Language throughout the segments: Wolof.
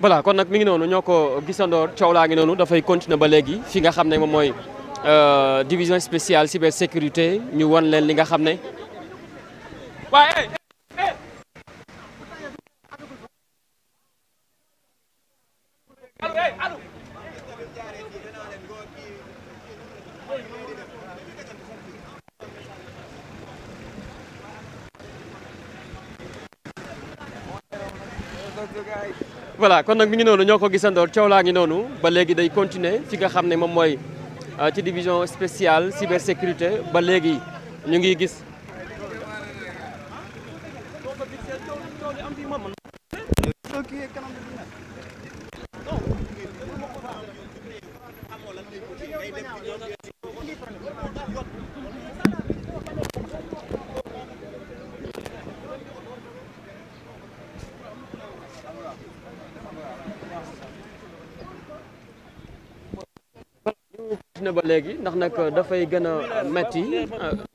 voilà kon nag mi ngi noonu ñoo ko gisandoor coow laa ngi noonu dafay continuer ba léegi fi nga xam ne moom mooy euh, division spéciale cybersécurité ñu wan leen li nga xam ne voilà kon nag mi ngi noonu ñoo ko gisandoor coow laa ngi noonu ba léegi day continuer ci nga xam ne moom mooy euh, ci division spéciale cybersécurité ba léegi ñu ngi gis. continuer léegi ndax nag dafay gën a metti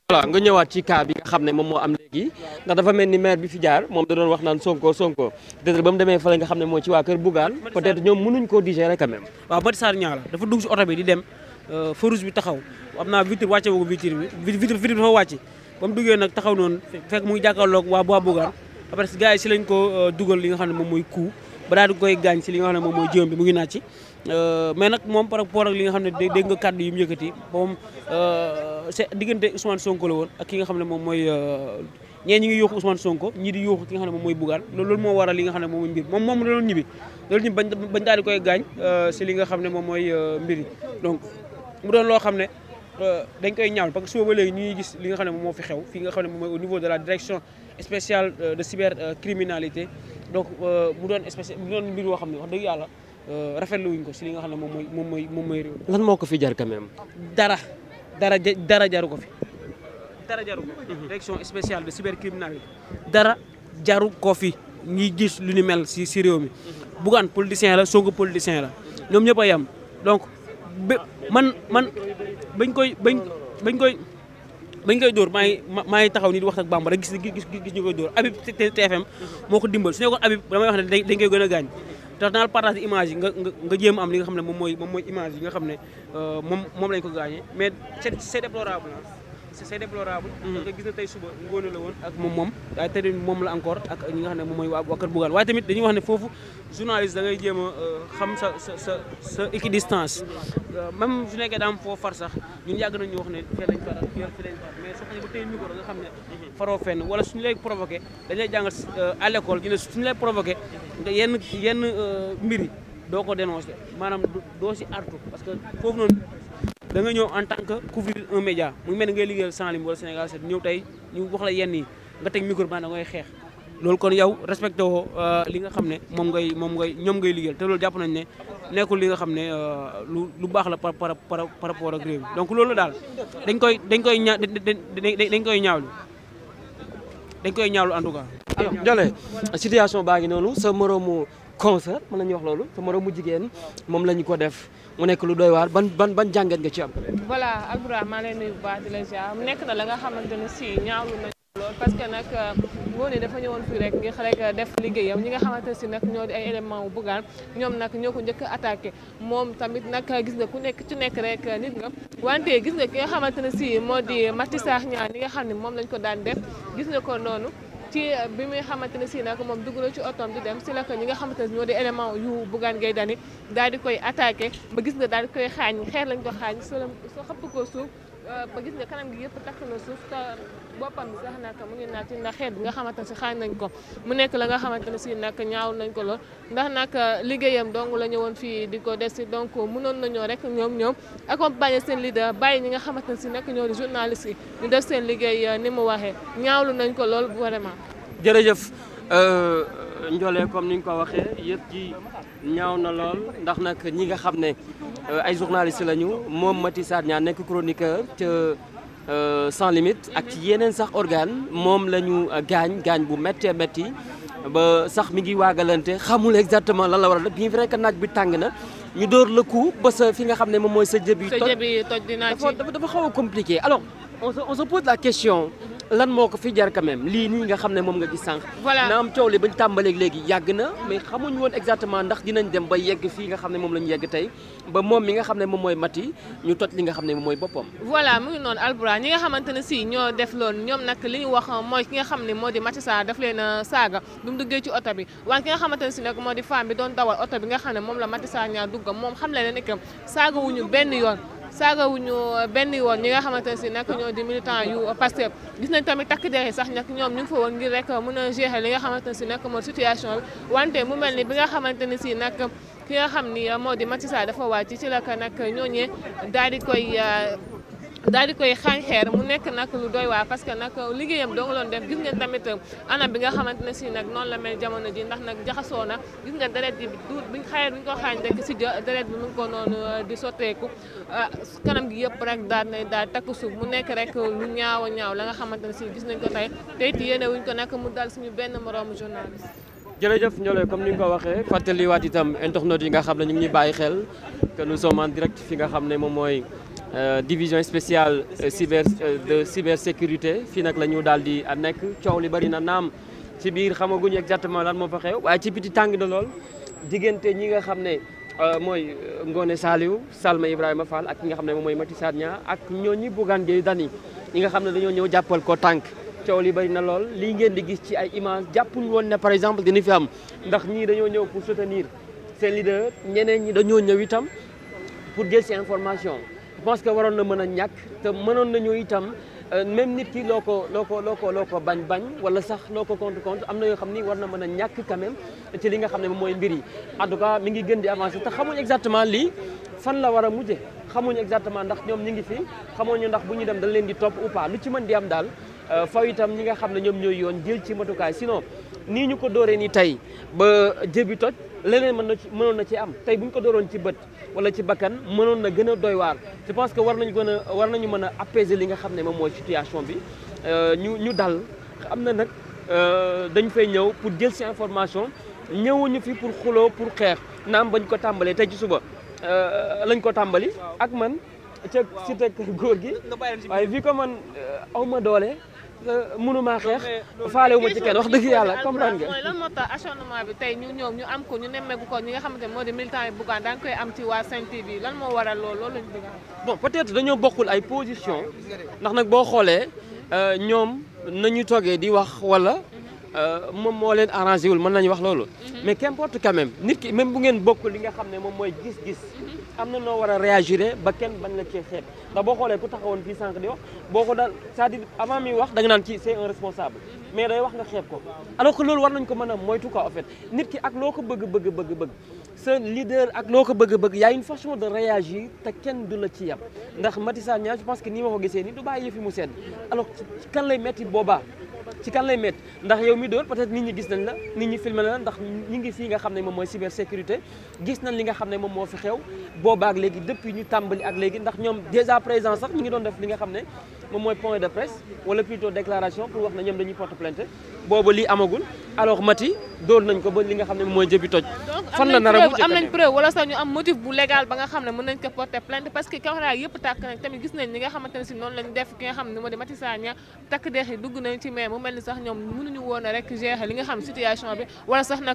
voilà nga ñëwaat ci cas bi nga xam ne moom moo am léegi ndax dafa mel ni maire bi fi jaar moom da doon wax naan Sonko Sonko peut-être ba mu demee fële nga xam ne moo ci waa kër Bougane peut-être ñoom mënuñ koo digérer quand même waaw Mati Sarr euh, am naa vitre wàcce woogu vitre bi vitre bi dafa wàcc ba mu duggee nag taxaw noonu fekk mu ngi jàkkaarloog waa waa si lañ ko euh, dugal li nga xam ne moom mooy ku ba daal di koy gaañ si li nga xam ne moom mooy jëm bi mu ngi naaj Euh, mais nag moom par rapport li nga xam ne dégg nga kàddu yi mu yëkkati moom euh, c'est diggante Ousmane Sonko la woon ak ki nga xam ne moom mooy euh, ñee ñi ngi yooxu Ousmane Sonko ñii di yooxu ki nga xam ne moom mooy Bougane loolu moo waral li nga xam ne moom mooy mbir moom moom la doon ñibbi loolu ñu bañ daal koy gaañ si li nga xam ne moom mooy mbir yi donc mu doon loo xam ne dañ koy ñaawlu parce que suba ba léegi ñu ngi gis li nga xam ne moom moo fi xew fi nga xam ne moom mooy au niveau de la direction spéciale donc mu doon spécial mu mbir yoo xam ne wax dëgg yàlla Euh, rafetlu wuñ ko si li wax xam ne moom mooy moom mooy moom mooy réew moo ko fi jar quand même. dara dara dara jaru ko fi dara jaru ko direction mhm. spéciale de cybercriminel yi dara jaru ko fi ñuy gis lu ni mel si si réew mi mhm. Bougane politicien la Sonko politicien la ñoom ñëpp a yem donc man man bañ koy bañ bañ koy bañ koy dóor maa ngi maa ngi taxaw nii di wax ak Bamba rek gis gis gis ñu koy dóor Habib TFM mhm. moo ko dimbal su nekkoon Habib damay wax ne dañ koy gën a gaañ tax naa partage image yi nga nga jéem am li nga xam ne moom mooy moom mooy image nga xam ne euh, moom moom lañ ko gaañee mais c'est c'est déplorable c'est déplorable mm-hmm. parce que gis na tey suba ngóone la woon ak moom moom moom la encore ak moom mooy waa waa kër waaye tamit dañuy wax ne foofu journaliste da ngay euh, xam sa sa sa sa équidistance euh, même su nekkee daam foo far sax ñu yàgg nañu wax ne fee lañ faral fee lañ far mais soo xëyee ba tey micro nga xam ne mm-hmm. faroo fenn wala suñu lay provoqué dañ lay jàngal euh, à l'école ñu lay provoqué yenn yenn mbir doo ko dénoncé maanaam doo si artu parce que foofu noonu da nga ñëw en tant que couvrir un média mu mel ni ngay liggéeyal sans lim wala Sénégal set ñëw tey ñu wax la yenn yi nga teg micro ban da ngay xeex loolu kon yow respecté woo euh, li nga xam ne moom ngay moom ngay ñoom ngay liggéeyal te loolu jàpp nañ ne nekkul li nga xam ne euh, lu lu baax la par par par rapport ak réew mi donc loolu daal dañ koy dañ koy ña dañ koy ñaawlu dañ koy ñaawlu en tout cas. alors situation baa ngi noonu sa moroomu concert mën nañu wax loolu sa moroom mu jigéen moom la ñu ko def mu nekk lu doy waar ban ban ban jàngat nga ci am. voilà Albourakh maa lay nuyu baax di la ziar mu nekk na la nga xamante ne si ñaawlu nañu lool parce que nag euh, góor dafa ñëwoon fii rek ngir rek def liggéeyam ñi nga xamante si nag ñoo di ay élément wu bëggaan ñoom nag ñoo ko njëkk attaqué moom tamit nag gis nga ku nekk ci nekk rek nit nga wante gis nga ki nga xamante ne si moo di Mati Sarr ñaar ñi nga xam ne moom lañ ko daan def gis nga ko noonu. ci euh, bi muy xamante ne si nag moom dugg na ci otoom di dem si la ko ñi nga xamante ne ñoo di élément yu Bougane Gueye dani daal di koy attaque ba gis nga daal di koy xaañ xeer lañ ko xaañ soo soo xëpp ko suuf euh, gis nga kanam gi yëpp takk na suuf te boppam bi mu ngi naat ci ndax xeet nga xamante ne si xaañ nañ ko mu nekk la nga xamante ne si nag ñaaw nañ ko lool ndax nag euh, liggéeyam dong la ñëwoon fii di ko des si donc mënoon nañoo rek ñoom ñoom accompagner seen leader bàyyi ñi nga xamante ne si nag ñoo di journaliste yi ñu def seen liggéey ni mu waxee ñaawlu nañ ko lool vraiment jërëjëf euh, Ndiolé comme ni nga ko waxee yëpp ji ñaaw na lool ndax nag ñi nga xam ne euh, ay journaliste lañu moom Maty Sarr Niang nekk chroniqueur ca euh, sans limite ak ci yeneen sax organe moom la ñu gaañ gaañ bu méttee métti ba sax mi ngi waagalante xamul exactement lan la war a def bien vrai que naaj bi tàng na ñu door le coup ba sa fi nga xam ne moom mooy sa jëbi toj dafa dafa xaw a compliqué alors on se pose la question. lan moo ko fi jar quand même lii nii nga xam ne moom nga gis sànq. voilà am coow li bañ tàmbaleeg léegi yàgg na mais xamuñ woon exactement ndax dinañ dem ba yegg fii nga xam ne moom lañ yegg tey ba moom mi nga xam ne moom mooy Maty ñu toj li nga xam ne moom mooy boppam. voilà mu ngi noonu Albourakh ñi nga xamante ne si ñoo def loolu ñoom nag li ñu wax mooy ki nga xam ne moo di Maty Sarr daf leen a saaga bu duggee ci oto bi waaye ki nga xamante ne si nag moo di femme bi doon dawal oto bi nga xam ne moom la Maty Sarr ñaar dugg moom xam le ne nekk saagawuñu benn yoon saagawuñu benn yoon ñi nga xamante ne si nag ñoo di militant yu Pastef gis nañ tamit takk der yi sax nag ñoom ñu ngi fa woon ngir rek mën a gérer li nga xamante ne si nag moo situation wante mu mel ni bi nga xamante ne si nag ki nga xam ni moo di Macky Sall dafa wàcc ci la ka nag ñooñee daal di koy daal di koy xaañ xeer mu nekk nag lu doy waa parce que nag liggéeyam doo nga loon def gis ngeen tamit anam bi nga xamante ne si nag noonu la mel jamono ji ndax nag jaxasoo na gis nga deret yi ko xaañ rek si deret bi ko noonu euh, di sotteeku euh, kanam gi yëpp rek daal na daal takk suuf mu nekk rek ñaaw ñaaw la nga xamante ne si gis nañ ko tey tey wuñ ko nag mu dal suñu benn moroomu journaliste jërëjëf Ndiolé comme ni nga ko waxee fàttaliwaat itam internautes yi nga xam ne ñu ngi ñuy bàyyi xel que nous sommes direct fi nga xam ne moom mooy Euh, division spéciale euh, cyber euh, de sécurité fii nag la ñu daal di nekk coow li bari na naam ci biir xamaguñu exactement lan moo fa xew waaye ci biti tàng na lool diggante ñi nga xam ne mooy ngoone Ngone Saliou Salma Ibrahima Fall ak ki nga xam ne moom mooy Mati ñaa ak ñooñu Bougane Gueye Dany ñi nga xam ne dañoo ñëw jàppal ko tànk coow li bari na lool lii ngeen di gis ci ay image jàppul woon ne par exemple dina fi am ndax ñii dañoo ñëw pour soutenir seen leader ñeneen ñi dañoo ñëw itam pour jël si information je que waroon na mën a ñàkk te mënoon nañu itam euh, même nit ki loo ko loo ko ko bañ bañ wala sax loo ko contre contre am na yoo xam ni war na mën a ñàkk quand même ci li nga xam ne moom mooy mbir yi en tout cas mi ngi gën di avancer te xamuñ exactement lii fan la war a mujje xamuñ exactement ndax ñoom ñi ngi fi xamuñu ndax bu ñu dem dal leen di topp ou lu ci mën di am daal euh, faw itam ñi nga xam ne ñoom ñooy yoon jël ci matukaay sinon nii ñu ko dooree ni tey ba jébi toj leneen mën na mënoon na ci am tey bu ko dooroon ci bët wala ci bakkan mënoon na gën a doy waar je pense que war nañu gën a war nañu mën a apaiser li nga xam ne moom mooy situation bi euh, ñu ñu dal am na nag euh, dañ fay ñëw pour jël si information ñëwuñu fi pour xuloo pour xeex naam bañ ko tàmbalee tey ci suba euh, lañ ko tàmbali ak man ca si teg góor gi waaye vi ko man awma doole Euh, mënuma xeex faale wu ma ci kenn wax dëgg yàlla comprendre nga. mooy lan moo tax bi tey ñu ñoom ñu am ko ñu nemmeeku ko ñi nga xamante ne moo di militant yi buggaan daan koy am ci waa Sen TV lan moo waral loolu loolu lañu bëgg a peut-être dañoo bokkul ay position ndax nag boo xoolee euh, ñoom nañu toogee di wax wala. Euh, moom moo leen arrangé wul mën nañu wax loolu. Mhm. mais qu'importe quand même nit ki même bu ngeen bokk li nga xam ne moom mooy gis-gis. Mhm. am na noo war a réagir ba kenn bañ la cee xeeb ndax boo xoolee ku taxawoon fii sànq di wax boo ko daal saa à dire avant mi wax da nga naan ci c'est un responsable. Mhm. mais day wax nga xeeb ko alors ko loolu war nañ ko mën a moytu quoi en nit ki ak loo ko bëgg bëgg bëgg bëgg sa leader ak loo ko bëgg bëgg y a une façon de réagir te kenn du la ci yab ndax Matissa Niang je pense que ni ma gisee ni du bàyyi yëfi mu sedd alors kan lay metti boobaa. ci kan lay métti ndax yow mi dóor peut-être nit ñi gis nañ la nit ñi filmé na la ndax ñi ngi fii nga xam ne moom mooy cybersécurité gis nañ li nga xam ne moom moo fi xew booba boobaak léegi depuis ñu tàmbali ak léegi ndax ñoom déjà présent sax ñu ngi doon def li nga xam ne moom mooy point de presse wala plutôt déclaration pour wax na ñoom dañuy porte plainte boobu lii amagul alors Mati dóor nañ ko ba li nga xam ne mooy jëbi toj. donc am nañ preuve wala sax ñu am motif bu légal ba nga xam ne mën nañ ko porter plainte parce que caméra yëpp tàkk nañ tamit gis nañ ñi nga xamante ne si noonu lañ def ki nga xam ne moo di Mati Sagna takk deex yi dugg nañ ci mais mu mel ni sax ñoom mënuñu woon rek gérer li nga xam situation bi